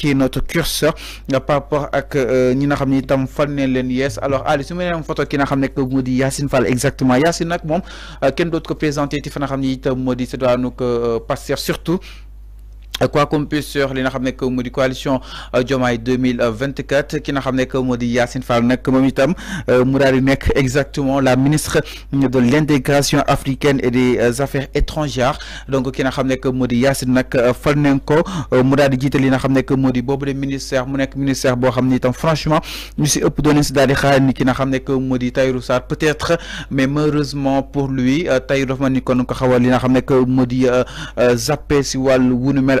qui est notre curseur euh, par rapport à que euh, nga xam ne itam fal alors allez su ma photo qui n'a xam que modi yassine Yacine Fall exactement yassine nak mom euh, kenn d'autre que présenté ci fa na xam ne itam moo di séddaanu ko surtout. Euh, quoi qu'on puisse sur li nga xam nekk moo coalition jomay euh, 2024 ki nga xam nekk moo Fall nag moom itam euh, mu daal exactement la ministre de l'intégration africaine et des affaires étrangères donc ki nga xam nekk moo di Yacine nag fal nañ ko mu daal di li de ministère mu nek ministère bo xamni ni itam franchement ñu si ëpp doon si daal di xaar ni ki nga xam nekk moo di peut-être mais malheureusement pour lui tayrou dafa ma ni kon ko xawal li nga xam nekk zappé si wàllu wunu mel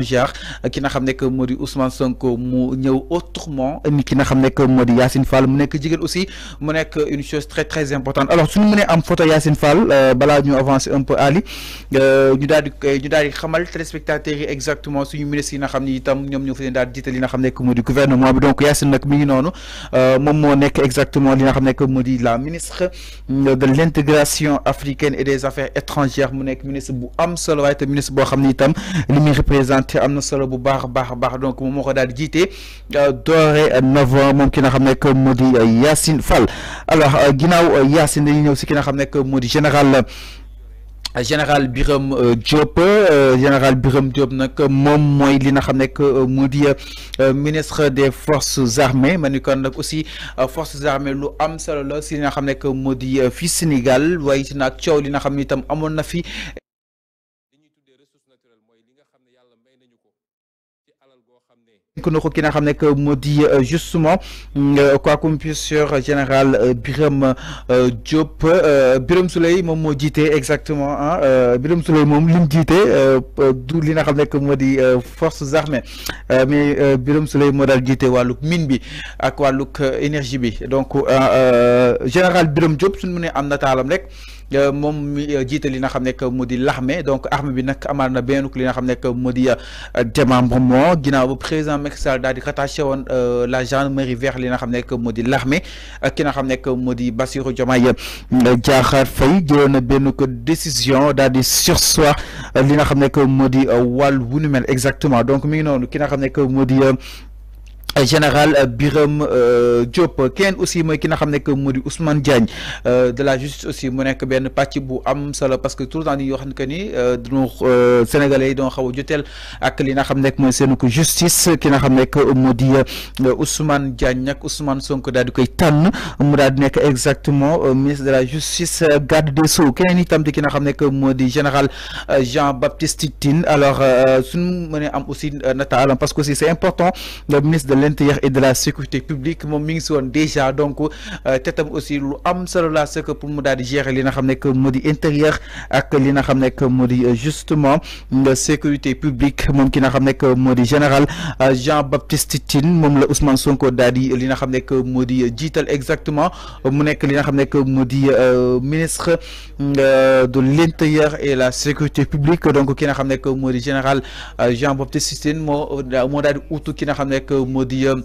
qui ki n'a que Ousmane Sonko mu autrement ni ki n'a xam que Yassine Fall mu équipe jigéen aussi mu une chose très très importante alors suñu mënee am photo yassine Fall euh, balade ñu avancer un peu Ali euh, ñu daal di ñu daal téléspectateurs exactement suñu ministre n'a nga xam itam ñoom ñoo fa leen daal que gouvernement donc Yassine nag mi ngi Mon mon équipe exactement li jamais que la ministre de l'intégration africaine et des affaires étrangères mu équipe ministre bu am solo ministre Bo xam itam représente te amna donc mon regard dit novembre ki n'a xamné que modi euh, yassine Fall alors euh, ginaaw euh, yassine aussi aussi ci ki nga xamné que général général biram Diop général biram Diop nak mom moy li nga ministre des forces armées manu aussi forces armées lu am solo la ci nga Sénégal voici si li Je na ko ki euh, justement mm, euh, quoi qu'on sur général Birame Diop Birame m'a dit exactement ah Birame m'a forces armées mais Birame Souley que mine bi énergie bi donc général Birame Diop je am euh, mom mi euh, jiite li nga xam l'armée donc armée bi nak amaat na benn li nga xam nekk mu démembrement euh, ginaaw président Macky Sall di rattaché woon la gendarmerie vers li nga xam nekk mu di l'armée ki nga xam nekk mu Bassirou Diomaye Diakhar Faye jëloon na décision daal di soi li nga xam nekk mu di wàll mel exactement donc mi ngi nonu ki nga xam nekk euh, général euh, Biram euh, Diop est aussi moy ki Ousmane Diagne de la justice aussi bu am solo parce que tout le temps sénégalais ak li justice ki nga Ousmane Diagne Ousmane Sonko dal di exactement ministre de la justice garde des Sceaux général Jean Baptiste Tine alors nous aussi parce que c'est important le ministre de l'intérieur et de la sécurité publique Mon ming son déjà donc euh, te aussi lu am solo la c'est que pour mu daal gérer li que maudit intérieur ak li nga que euh, justement de sécurité publique Mon ki n'a xam que moo général euh, Jean Baptiste Tine Mon le Ousmane Sonko dadi di li nga xam que maudit dit exactement mu nek li nga que maudit ministre de l'intérieur et la sécurité publique donc ki nga xam que modi général Jean Baptiste Tine Mon mo daal outou qui ki nga que modi Um.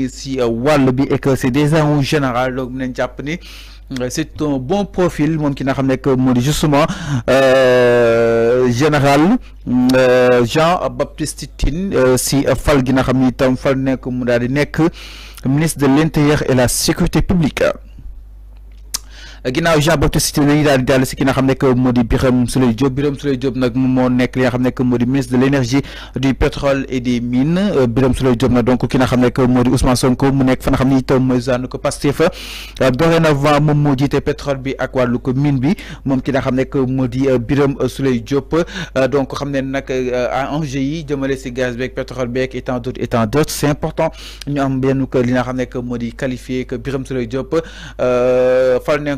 si euh, wàll bi et que c'est déjà en général donc mën japp ni euh, c'est un bon profil mom ki n'a xam nekk justement euh, justement général euh, Jean Baptiste Tine si fal gi nga xamni tam fal nek mu dal di ministre de l'intérieur et la sécurité publique ginnaaw Jean Baptiste Tine dañuy daal di jàll si ki nga xam nekk moo di Birame Souleye Diop Birame Souleye Diop nag moom moo li nga xam nekk moo ministre de l'énergie du pétrole et des mines euh, biram Souleye Diop nak donc ki nga xam nekk moo Ousmane Sonko mu nek fa nga xam ne itam mooy zannu ko Pastef euh, dorénavant moom mo jité pétrole bi ak walu ko mine bi mom ki nga xam nekk modi biram euh, Birame Souleye Diop donc xam nak nag enjeu yi ci si gaz beeg pétrole beeg et tant d'autres et tant d'autres c'est important ñu am benn li nga xam nekk modi di qualifié que Birame Souleye Diop fal nañ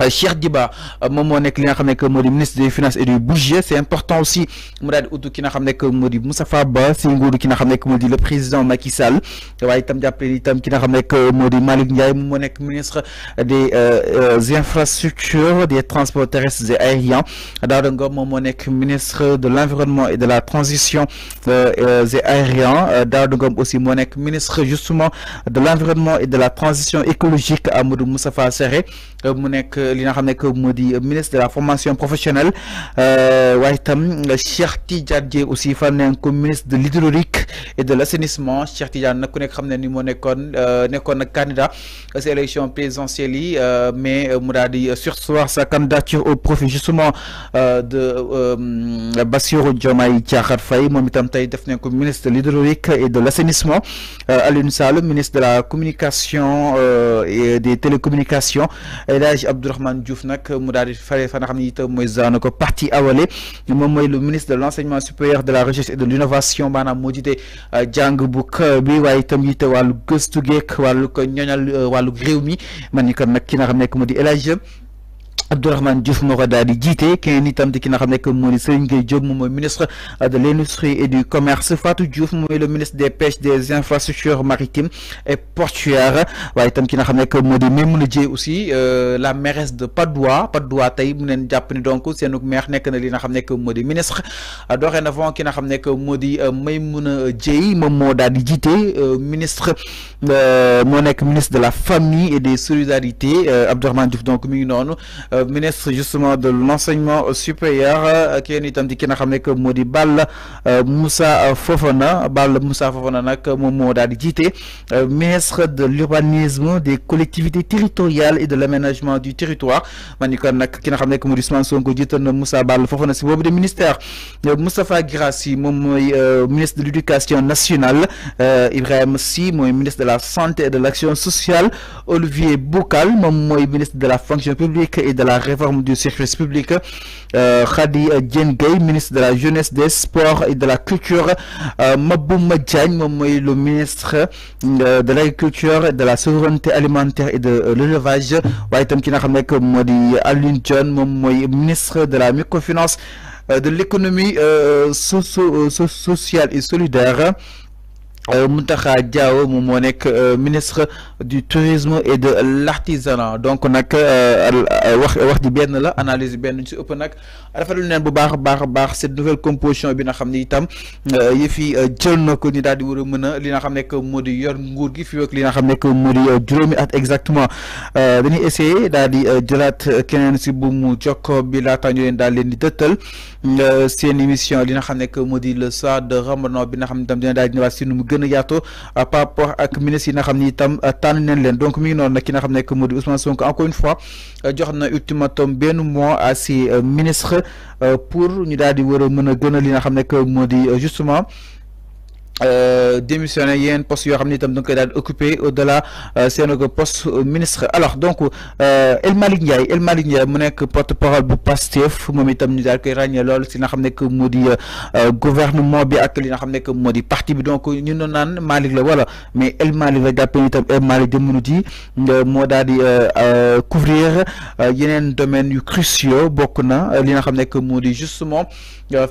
Euh, Cheikh Diba euh, moom mo nekk li nga ministre des finances et du budget c'est important aussi mu daal qui ki nga xam ne que moo Moustapha Ba si qui ki nga xam ne que le président Macky Sall waaye itam jàppale tam ki nga xam que moo di Ndiaye moom moo nekk ministre des euh, infrastructures des transports terrestres et aériens Daouda Ngom moom moo ministre de l'environnement et de la transition et aérien Daouda Ngom aussi moo nekk ministre justement de l'environnement et de la transition écologique Amadou Moustapha Sarré mu nekk li nga xamné ministre de la formation professionnelle euh, waaye itam Cheikh aussi fan un communiste ministre de l'hydraulique et de l'assainissement Cheikh Tidiane ko ku xamné ne ni mo Canada les élections candidat aux élections présidentielle euh mais mu sursoir sa candidature au profit justement euh, de euh, Bassirou Diomaye Diakhar fay mom itam tay def nañ ministre de l'hydraulique et de l'assainissement Alioune Sall ministre de la communication et des télécommunications et l'âge Abdourahmane Diouf nak mu daal di faree fa nga xamni ne moy zanako parti awale mom moy le ministre de l'enseignement supérieur de la recherche et de l'innovation Bana maanaam moo jiite euh, bu kaw bi waaye itam yitte wàllu gëstu geek wàllu ko ñoñal euh, wàllu réew mi man ni kon ki nga xam nekk mu di Abdourahmane Diouf moo ko daal di jiite keneen itam di ki nga xamné ne moo Serigne Gueye Diop moom mooy ministre de l'industrie et du commerce Fatou Diouf mooy le ministre des pêches des infrastructures maritimes et portuaires way itam ki nga xamné ne modi même Maimouna djé aussi euh, la mairesse de Patte d'Oie tay d'Oie tey mu neen jàpp ni donc senou maire nek na li nga xam ne moo di ministre dorénavant ki nga xamné ne modi di euh, Maimouna Dieye mo moo daal di jiite euh, ministre euh, moo nekk ministre de la famille et des solidarités Abdourahmane Diouf donc mi ngi noonu. Euh, ministre justement de l'enseignement supérieur euh, qui est un ki qui euh, Moussa Fofana bal Moussa Fofana n'a que ministre de l'urbanisme des collectivités territoriales et de l'aménagement du territoire man n'a ki Moussa Ball Fofana c'est boobu de ministère Moustapha Girassi, mon ministre de l'éducation nationale Ibrahim Si, mon ministre de la santé et de l'action sociale Olivier Boukal, mon ministre de la fonction publique et de la réforme du service public. Euh, Khadi Djengay, ministre de la Jeunesse, des Sports et de la Culture. Euh, Maboum le ministre euh, de l'Agriculture, de la Souveraineté Alimentaire et de euh, l'Élevage. Waitam Kinahamek, Alun John, ministre de la Microfinance, euh, de l'économie sociale et solidaire. Euh, Mountakha Diaw moom moo nekk euh, ministre du tourisme et de l'artisanat donc nag euh, wax wax ji benn la analyse benn ci ëpp nag rafetlu neen bu baax baax baax cette nouvelle composition bi nga xam Tam, itam yëf yi jël na ko ni daal di war a li na xam nekk moo di yor nguur gi fii ak li na xam nekk moo at exactement dañuy essayer daal di jëlaat keneen si bu mu jokko bi laata ñu leen daal leen di dëttal seen émission li na xam nekk le soir de Ramadan bi nga xam Tam. itam dina daal di ñëwaat si gën yaato euh, par rapport ak ministre yi nga xam ni itam euh, tànn neen leen donc mi ngi noonu nag ki nga xam nekk moo Ousmane Sonko encore une fois euh, jox na ultimatum benn mois à ces ministre pour ñu daal di war a mën a gën li nga xam nekk moo justement euh, démissionné yenn poste yoo xam ne itam koy occupé au delà euh, seen poste ministre alors donc euh, El Malick Ndiaye El Malick mon mu porte parole bu Pastef mon itam nous a koy ràññee lool si nga xam que Modi gouvernement bi ak li nga xam que Modi parti bi donc nous non non Malik la wala mais El Malik la jàppee itam El Malick jamono ji moo daal di couvrir yeneen domaines yu cruciaux bokk na li nga xam que Modi justement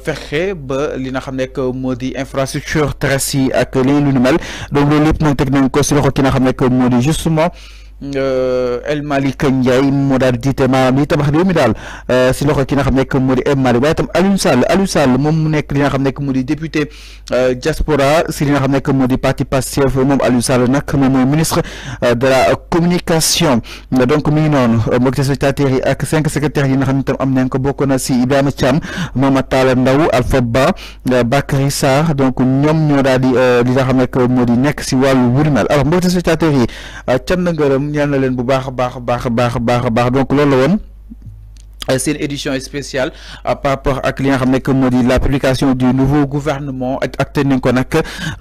fexe ba li nga xam que Modi di infrastructure Bercy ak leneen lu ñu mel donc loolu lépp nag teg nañ ko si loxo ki nga xam ne moo di justement Euh, El Malick Ndiaye moo daal di jiite li tabax réew mi dal euh si loxo ki nga xam nekk moo El Malick way tam Aliou Sall Aliou Sall mom mu nek li nga xam nekk moo di député euh, diaspora si li nga xam nekk moo parti passif mom Aliou Sall nak mom moy ministre euh, de la communication donc mi non mo mbokk spectateurs ak cinq secrétaires yi nga xam tam am nañ ko bokk na si Ibrahima Thiam Mama Talla Ndaw Alpha Ba Bakary sar donc ñom ñoo daal di li nga xam nekk moo nek ci walu wàllu wurnal alors mbokk secrétaire yi cam na ngërëm ñaan na leen bu baax a baax a baax a baax a baax donc loolu la c'est une édition spéciale euh, par rapport à ce nga xam dit la publication du nouveau gouvernement acte nañ ko nag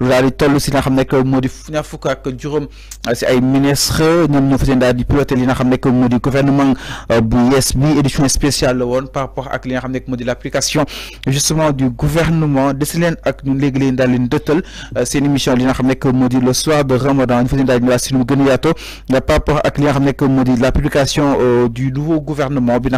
lu daal di toll si n'a nga xam nekk moo di ñaar euh, si ay ministre ñoom ñoo fas yéene daal di piloté nga xam gouvernement euh, bu yees édition spéciale la par rapport à li nga xam nekk la publication l'application justement du gouvernement de leen ak ñun léegi leen daal leen dëttal seen émission li nga xam nekk le soir de Ramadan ñu fas yéene daal di si mu gën a par rapport à li nga xam nekk la publication du nouveau gouvernement bi nga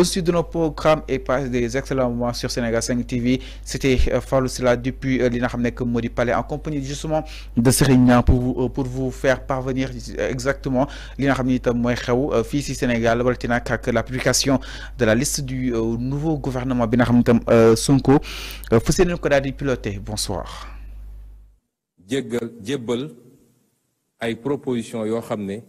Au-dessus de nos programmes et par des excellents moments sur Sénégal 5 TV, c'était euh, Fallou Sela depuis euh, l'Inarhamnek Modi Palais en compagnie justement de Sérignan pour vous, euh, pour vous faire parvenir exactement l'Inarhamnet fils du Sénégal, la publication de la liste du nouveau gouvernement Binarhamnet Sonko. Foussine Kodadi Piloté, bonsoir. Djebel, ay proposition yo